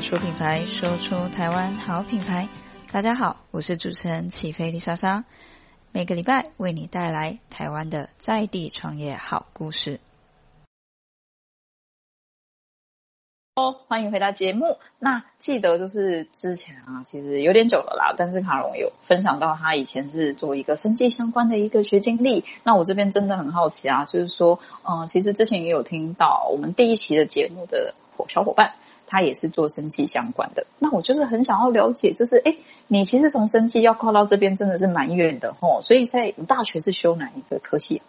說品牌，說出台灣好品牌。大家好，我是主持人起飛麗莎莎，每個禮拜為你帶來台灣的在地創業好故事。哦，歡迎回到節目。那記得就是之前啊，其實有點久了啦。但是卡戎有分享到他以前是做一個生技相關的一個學經歷。那我這邊真的很好奇啊，就是說，嗯、呃，其實之前也有聽到我們第一期的節目的夥小夥伴。他也是做生技相關的，那我就是很想要了解，就是哎，你其實從生技要跨到這邊真的是蠻遠的吼，所以在大學是修哪一個科系？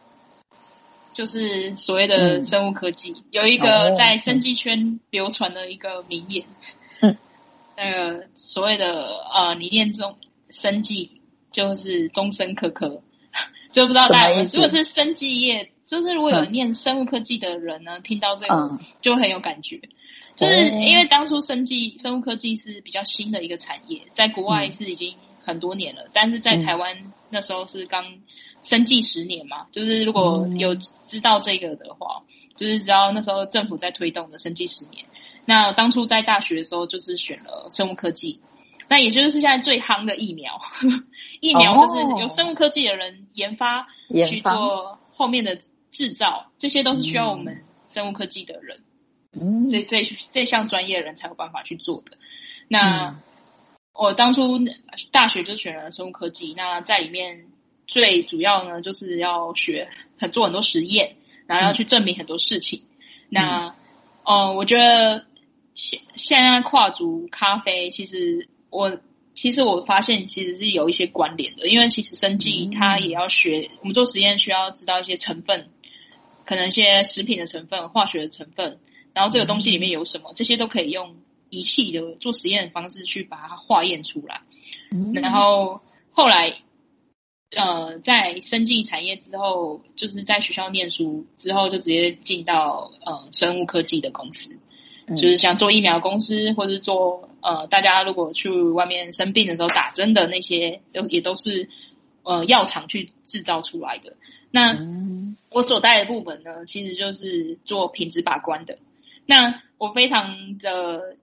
就是所謂的生物科技，嗯、有一個在生技圈流傳的一個名言，嗯、那個所謂的呃，你念中生技就是終身科科，就不知道大家如果是生技業，就是如果有念生物科技的人呢，聽到這個就很有感覺。嗯就是因為當初生技生物科技是比較新的一個產業，在國外是已經很多年了，嗯、但是在台灣那時候是剛生技十年嘛。就是如果有知道這個的話，嗯、就是知道那時候政府在推動的生技十年。那當初在大學的時候，就是選了生物科技，那也就是現在最夯的疫苗， 疫苗就是由生物科技的人研發去做後面的制造，發這些都是需要我們生物科技的人。這這這項專業的人才有辦法去做的。那、嗯、我當初大學就選了生物科技，那在裡面最主要呢，就是要學很做很多實驗，然後要去證明很多事情。嗯、那哦、呃，我覺得現現在跨足咖啡，其實我其實我發現其實是有一些關聯的，因為其實生技它也要學，嗯、我們做實驗需要知道一些成分，可能一些食品的成分、化學的成分。然後這個東西裡面有什麼，這些都可以用儀器的做實驗的方式去把它化驗出來。然後後來，呃，在生技產業之後，就是在學校念書之後，就直接進到呃生物科技的公司，就是像做疫苗公司，或是做呃大家如果去外面生病的時候打針的那些，都也都是呃藥廠去製造出來的。那我所帶的部門呢，其實就是做品質把關的。那我非常的，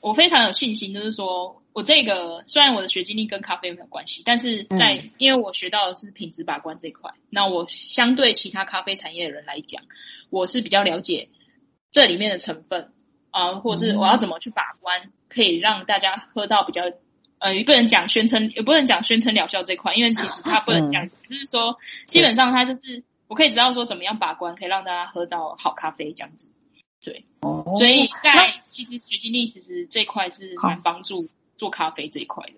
我非常有信心，就是說我這個雖然我的學經歷跟咖啡沒有關係，但是在、嗯、因為我學到的是品質把關這一塊，那我相對其他咖啡產業的人來講，我是比較了解這裡面的成分啊、呃，或者是我要怎麼去把關，嗯、可以讓大家喝到比較呃，不能講宣稱，也不能講宣稱療效這塊，因為其實它不能講，只、嗯、就是說是基本上它就是我可以知道說怎麼樣把關，可以讓大家喝到好咖啡這樣子。對，所以在，在、哦、其實取經歷其實這一塊是蠻幫助做咖啡這一塊的。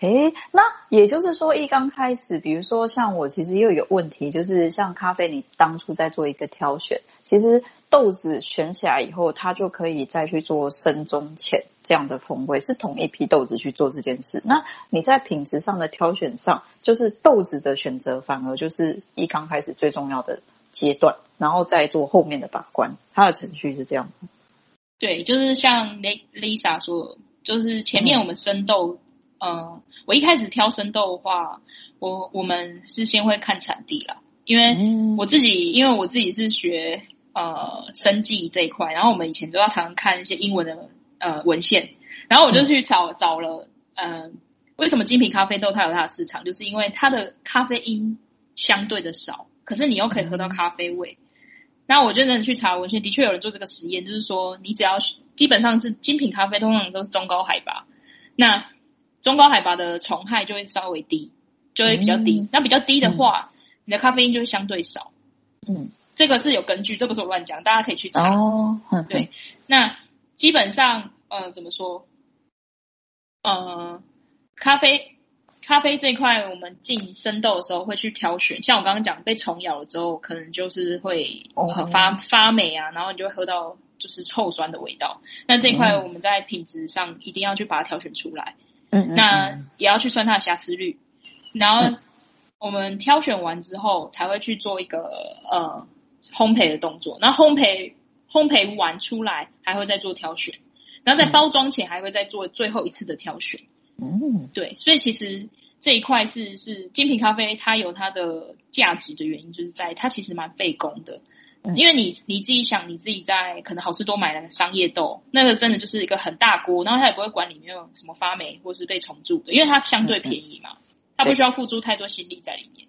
誒、哎，那也就是說，一剛開始，比如說像我，其實又有問題，就是像咖啡，你當初在做一個挑選，其實豆子選起來以後，它就可以再去做深中淺這樣的風味，是同一批豆子去做這件事。那你在品質上的挑選上，就是豆子的選擇，反而就是一剛開始最重要的。階段，然後再做後面的把關，他的程序是這樣。對，就是像 L Lisa 說，就是前面我們生豆，嗯、呃，我一開始挑生豆的話，我我們是先會看產地啦，因為我自己，嗯、因為我自己是學呃生技這一塊，然後我們以前都要常看一些英文的呃文獻，然後我就去找、嗯、找了，嗯、呃，為什麼精品咖啡豆它有它的市場，就是因為它的咖啡因相對的少。可是你又可以喝到咖啡味，嗯、那我認真的去查文獻，我覺得的確有人做這個實驗，就是說你只要基本上是精品咖啡，通常都是中高海拔，那中高海拔的蟲害就會稍微低，就會比較低。那、嗯、比較低的話，嗯、你的咖啡因就會相對少。嗯，這個是有根據，這不是我亂講，大家可以去查哦。對。那基本上，呃，怎麼說？嗯、呃，咖啡。咖啡這一塊，我們進生豆的時候會去挑選。像我剛剛講，被蟲咬了之後，可能就是會很發、Oh. 發霉啊，然後你就會喝到就是臭酸的味道。那這一塊我們在品質上一定要去把它挑選出來。嗯，Mm. 那也要去算它的瑕疵率。Mm. 然後我們挑選完之後，才會去做一個呃烘焙的動作。那烘焙烘焙完，出來，還會再做挑選。然後在包裝前，還會再做最後一次的挑選。Mm. 嗯，對，所以其實這一塊是是精品咖啡，它有它的價值的原因，就是在它其實蠻費工的，因為你你自己想，你自己在可能好事多買了個商業豆，那個真的就是一個很大鍋，然後他也不會管裡面有什麼發霉或是被蟲蛀的，因為它相對便宜嘛，它不需要付出太多心力在裡面。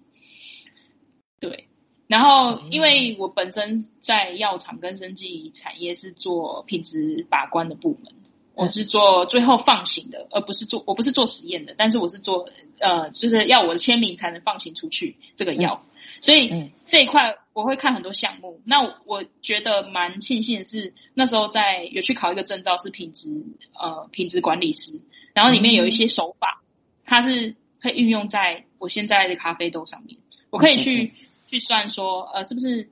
對，然後因為我本身在藥廠跟生技產業是做品質把關的部門。我是做最後放行的，而不是做我不是做實驗的，但是我是做呃，就是要我的簽名才能放行出去這個藥，所以這一塊我會看很多項目。那我，我覺得蠻慶幸的是，那時候在有去考一個證照是品質呃品質管理師，然後裡面有一些手法，嗯、它是可以運用在我現在的咖啡豆上面，我可以去去算說呃是不是。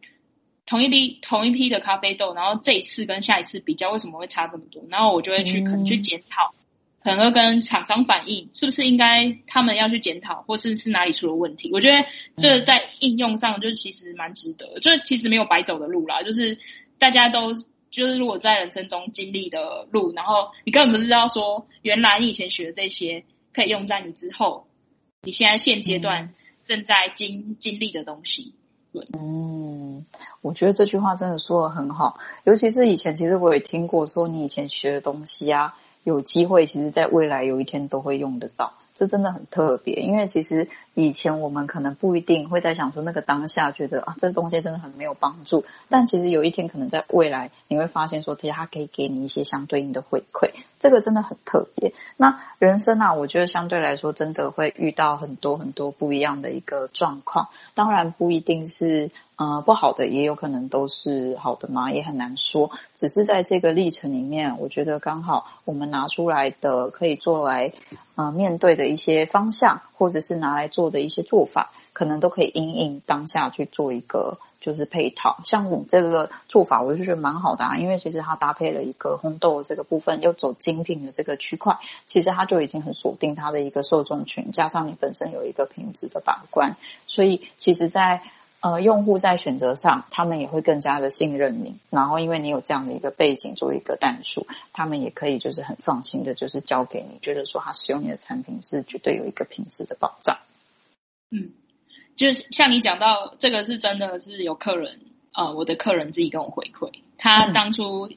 同一批、同一批的咖啡豆，然後這一次跟下一次比較，為什麼會差這麼多？然後我就會去可能去檢討，嗯、可能會跟廠商反映，是不是應該他們要去檢討，或是是哪裡出了問題？我覺得這在應用上，就其實蠻值得，嗯、就是其實沒有白走的路啦。就是大家都就是如果在人生中經歷的路，然後你根本不知道說，原來你以前學的這些可以用在你之後，你現在現階段正在經、嗯、經歷的東西。嗯，我覺得這句話真的說得很好，尤其是以前，其實我也聽過說，你以前學的東西啊，有機會其實在未來有一天都會用得到。這真的很特別，因為其實以前我們可能不一定會在想說那個當下覺得啊，這個東西真的很沒有幫助，但其實有一天可能在未來你會發現說，其實它可以給你一些相對應的回饋，這個真的很特別。那人生啊，我覺得相對來說真的會遇到很多很多不一樣的一個狀況，當然不一定是。呃，不好的也有可能都是好的嘛，也很難說。只是在這個歷程裡面，我覺得剛好我們拿出來的可以做來呃面對的一些方向，或者是拿來做的一些做法，可能都可以因應當下去做一個就是配套。像你這個做法，我就覺得蠻好的啊，因為其實它搭配了一個烘豆的這個部分，又走精品的這個區塊，其實它就已經很鎖定它的一個受眾群，加上你本身有一個品質的把關，所以其實，在呃，用戶在選擇上，他們也會更加的信任你。然後，因為你有這樣的一個背景作為一個單數，他們也可以就是很放心的，就是交給你，覺得說他使用你的產品是絕對有一個品質的保障。嗯，就是像你講到這個是真的是有客人，呃，我的客人自己跟我回饋，他當初、嗯。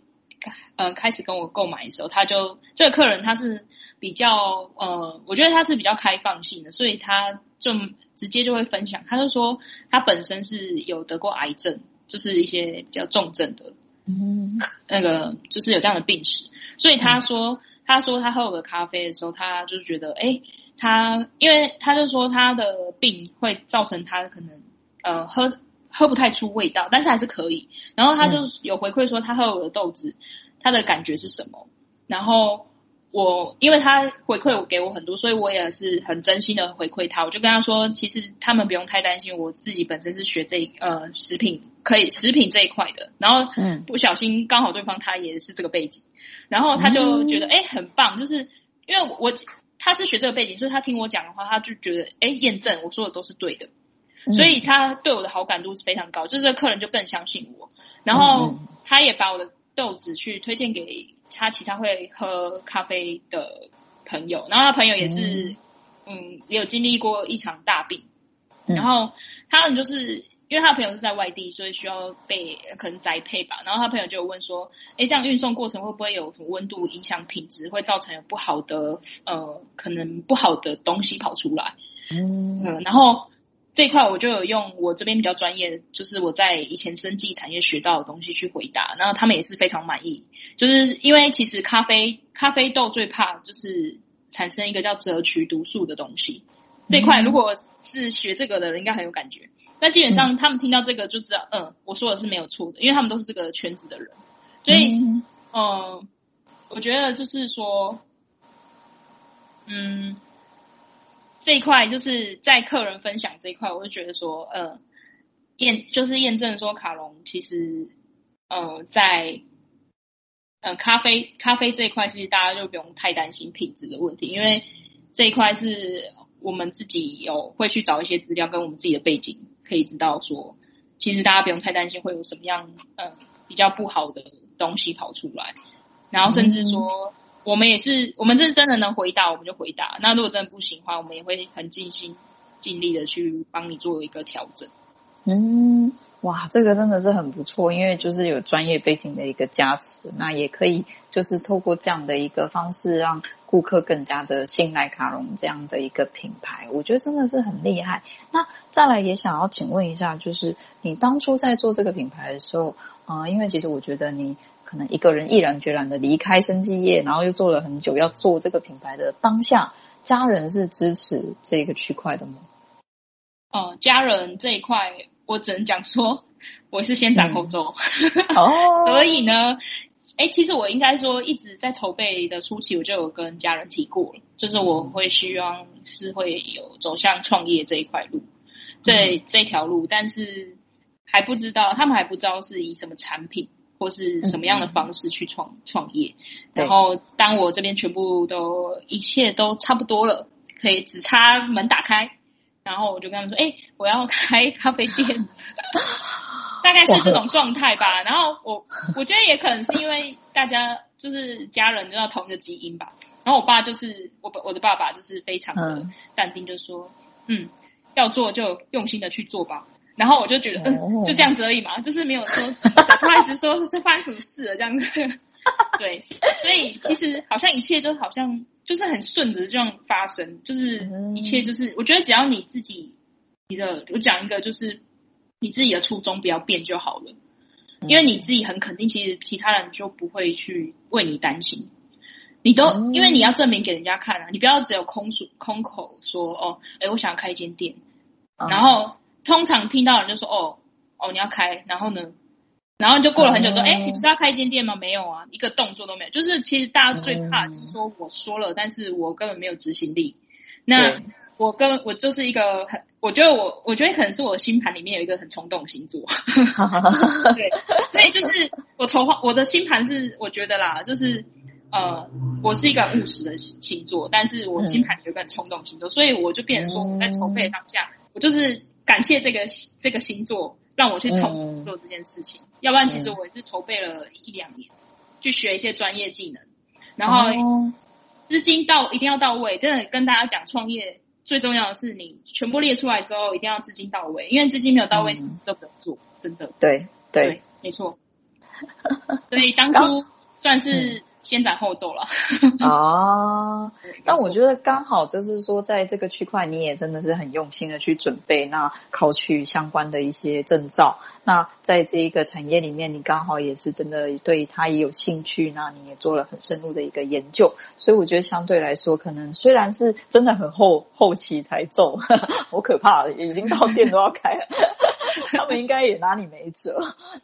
嗯、呃，開始跟我購買的時候，他就這個客人，他是比較呃，我覺得他是比較開放性的，所以他就直接就會分享，他就說他本身是有得過癌症，就是一些比較重症的，嗯哼，那個就是有這樣的病史，所以他說、嗯、他說他喝我的咖啡的時候，他就覺得誒、欸，他因為他就說他的病會造成他可能呃喝喝不太出味道，但是還是可以。然後他就有回饋說他喝我的豆子，嗯、他的感覺是什麼？然後我因為他回饋我給我很多，所以我也是很真心的回饋他。我就跟他說，其實他們不用太擔心，我自己本身是學這一呃食品，可以食品這一塊的。然後不小心、嗯、剛好對方他也是這個背景，然後他就覺得誒，很棒，就是因為我他是學這個背景，所以他聽我講的話，他就覺得誒，驗證我說的都是對的。所以他對我的好感度是非常高，嗯、就是這個客人就更相信我。然後他也把我的豆子去推薦給他其他會喝咖啡的朋友。然後他朋友也是，嗯，嗯，也有經歷過一場大病。嗯、然後他們就是因為他朋友是在外地，所以需要被可能宅配吧。然後他朋友就問說：“哎，這樣運送過程會不會有什麼溫度影響品質，會造成有不好的呃，可能不好的東西跑出來？”嗯、呃，然後。這塊我就有用我這邊比較專業的，就是我在以前生技產業學到的東西去回答，然後他們也是非常滿意。就是因為其實咖啡咖啡豆最怕就是產生一個叫赭麴毒素的東西，這塊如果是學這個的人應該很有感覺。那、嗯、基本上他們聽到這個就知道，嗯,嗯，我說的是沒有錯的，因為他們都是這個圈子的人，所以，嗯,嗯，我覺得就是說，嗯。這一塊就是在客人分享這一塊，我就覺得說，嗯、呃，驗就是驗證說卡戎其實，呃，在呃咖啡咖啡這一塊，其實大家就不用太擔心品質的問題，因為這一塊是我們自己有會去找一些資料，跟我們自己的背景可以知道說，其實大家不用太擔心會有什麼樣呃比較不好的東西跑出來，然後甚至說。嗯我們也是，我們這是真的能回答，我們就回答。那如果真的不行的話，我們也會很盡心盡力的去幫你做一個調整。嗯，哇，這個真的是很不錯，因為就是有專業背景的一個加持，那也可以就是透過這樣的一個方式，讓顧客更加的信賴卡戎這樣的一個品牌。我覺得真的是很厲害。那再來也想要請問一下，就是你當初在做這個品牌的時候，啊、呃，因為其實我覺得你。可能一個人毅然決然的離開生技業，然後又做了很久，要做這個品牌的當下，家人是支持這個區塊的嗎？哦、呃，家人這一塊，我只能講說，我是先斬後奏，所以呢，哎、欸，其實我應該說，一直在籌備的初期，我就有跟家人提過，就是我會希望是會有走向創業這一塊路，在、嗯、這一條路，但是還不知道，他們還不知道是以什麼產品。或是什麼樣的方式去創創業，嗯、然後當我這邊全部都一切都差不多了，可以只差門打開，然後我就跟他們說：“哎、欸，我要開咖啡店， 大概是這種狀態吧。”然後我我覺得也可能是因為大家就是家人都要同一個基因吧。然後我爸就是我我的爸爸就是非常的淡定，嗯、就說：“嗯，要做就用心的去做吧。”然後我就覺得，嗯，嗯，就這樣子而已嘛，嗯、就是沒有說，不好意思說，就發生什麼事了這樣子。對，所以其實好像一切都好像就是很順著這樣發生，就是一切就是我覺得只要你自己，你的我講一個就是你自己的初衷不要變就好了，嗯、因為你自己很肯定，其實其他人就不會去為你擔心。你都、嗯、因為你要證明給人家看啊，你不要只有空說空口說哦，哎，我想要開一間店，嗯、然後。通常聽到人就說哦哦你要開，然後呢，然後就過了很久說，哎、哦，你不是要開一間店嗎？沒有啊，一個動作都沒有。就是其實大家最怕就是說我說了，嗯、但是我根本沒有執行力。那對我跟我就是一個很，我覺得我我覺得可能是我星盤裡面有一個很衝動的星座， 對，所以就是我籌劃我的星盤是我覺得啦，就是呃，我是一個務實的星座，但是我星盤裡有一個很衝動的星座，嗯、所以我就變成說我在籌備當下，我就是。感謝這個這個星座讓我去重新做這件事情，嗯、要不然其實我也是籌備了一兩年，嗯、去學一些專業技能，然後資金到一定要到位，真的跟大家講，創業最重要的是你全部列出來之後一定要資金到位，因為資金沒有到位，什麼都不能做。嗯、真的，對對，對，沒錯，所以 當初算是。嗯先斬後奏了啊！但我覺得剛好就是說，在這個區塊，你也真的是很用心的去準備，那考取相關的一些證照。那在這一個產業裡面，你剛好也是真的對他也有興趣，那你也做了很深入的一個研究。所以我覺得相對來說，可能雖然是真的很後後期才奏，好可怕了，已經到店都要開了， 他們應該也拿你沒轍。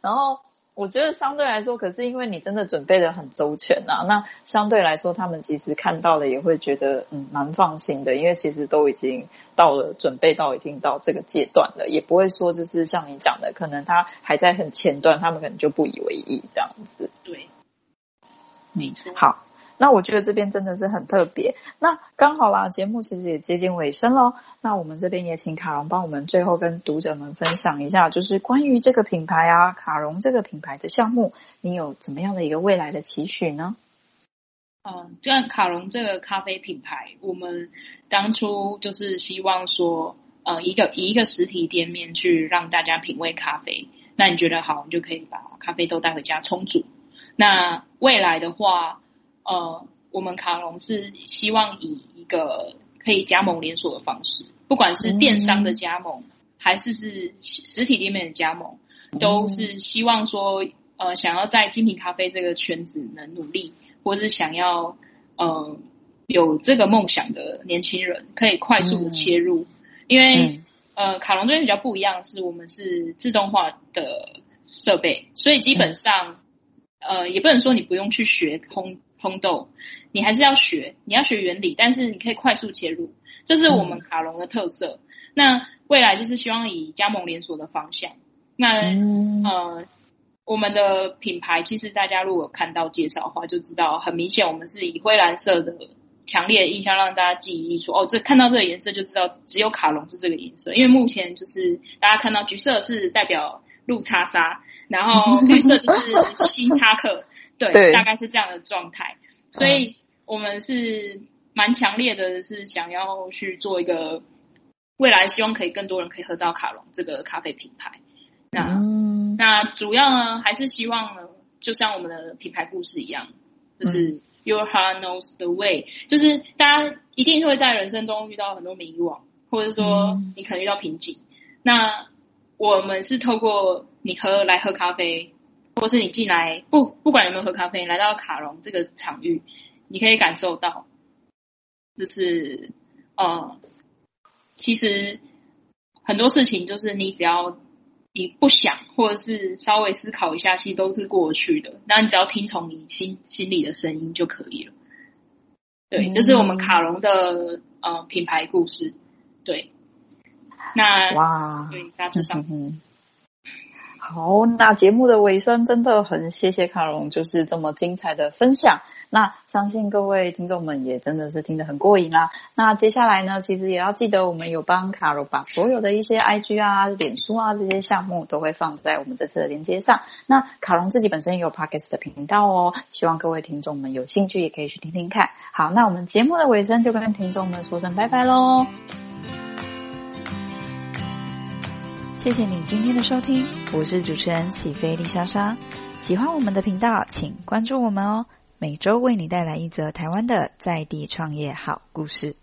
然後。我覺得相對來說，可是因為你真的準備的很周全啊，那相對來說，他們其實看到了也會覺得嗯蠻放心的，因為其實都已經到了準備到已經到這個階段了，也不會說就是像你講的，可能他還在很前段，他們可能就不以為意這樣子。對，沒錯。好。那我覺得這邊真的是很特別。那剛好啦，節目其實也接近尾聲嘍。那我們這邊也請卡戎幫我們最後跟讀者們分享一下，就是關於這個品牌啊，卡戎這個品牌的項目，你有怎麼樣的一個未來的期許呢？嗯，就像卡戎這個咖啡品牌，我們當初就是希望說，呃、嗯，以一個以一個實體店面去讓大家品味咖啡。那你覺得好，你就可以把咖啡豆帶回家沖煮。那未來的話。呃，我們卡戎是希望以一個可以加盟連鎖的方式，不管是電商的加盟，嗯、還是是實體店面的加盟，都是希望說，呃，想要在精品咖啡這個圈子能努力，或是想要，呃，有這個夢想的年輕人，可以快速的切入，嗯、因為，嗯、呃，卡戎這邊比較不一樣，是我們是自動化的設備，所以基本上，嗯、呃，也不能說你不用去學烘。衝動，你還是要學，你要學原理，但是你可以快速切入，這是我們卡戎的特色。嗯、那未來就是希望以加盟連鎖的方向。那、嗯、呃，我們的品牌其實大家如果看到介紹的話，就知道很明顯，我們是以灰藍色的強烈的印象讓大家記憶說哦，這看到這個顏色就知道只有卡戎是這個顏色，因為目前就是大家看到橘色是代表鹿叉沙，然後綠色就是新叉克。 對，對，大概是這樣的狀態，嗯、所以我們是蠻強烈的，是想要去做一個未來，希望可以更多人可以喝到卡戎這個咖啡品牌。嗯、那那主要呢，還是希望呢，就像我們的品牌故事一樣，就是 Your Heart Knows the Way，、嗯、就是大家一定會在人生中遇到很多迷惘，或者說你可能遇到瓶頸，嗯、那我們是透過你喝來喝咖啡。或是你進來不不管有沒有喝咖啡，來到卡戎這個場域，你可以感受到，就是，呃，其實很多事情就是你只要你不想，或者是稍微思考一下，其實都是過去的。那你只要聽從你心心裡的聲音就可以了。對，這、嗯、是我們卡戎的呃品牌故事。對，那哇，對大致上。呵呵好，oh，那節目的尾聲真的很謝謝卡戎，就是這麼精彩的分享。那相信各位聽眾們也真的是聽得很過癮啦、啊。那接下來呢，其實也要記得我們有幫卡戎把所有的一些 IG 啊、臉書啊這些項目都會放在我們這次的連接上。那卡戎自己本身也有 Podcast 的頻道哦，希望各位聽眾們有興趣也可以去聽聽看。好，那我們節目的尾聲就跟聽眾們說聲拜拜嘍。謝謝你今天的收聽，我是主持人起飛麗莎莎。喜歡我們的頻道，請關注我們哦。每周為你帶來一則台灣的在地創業好故事。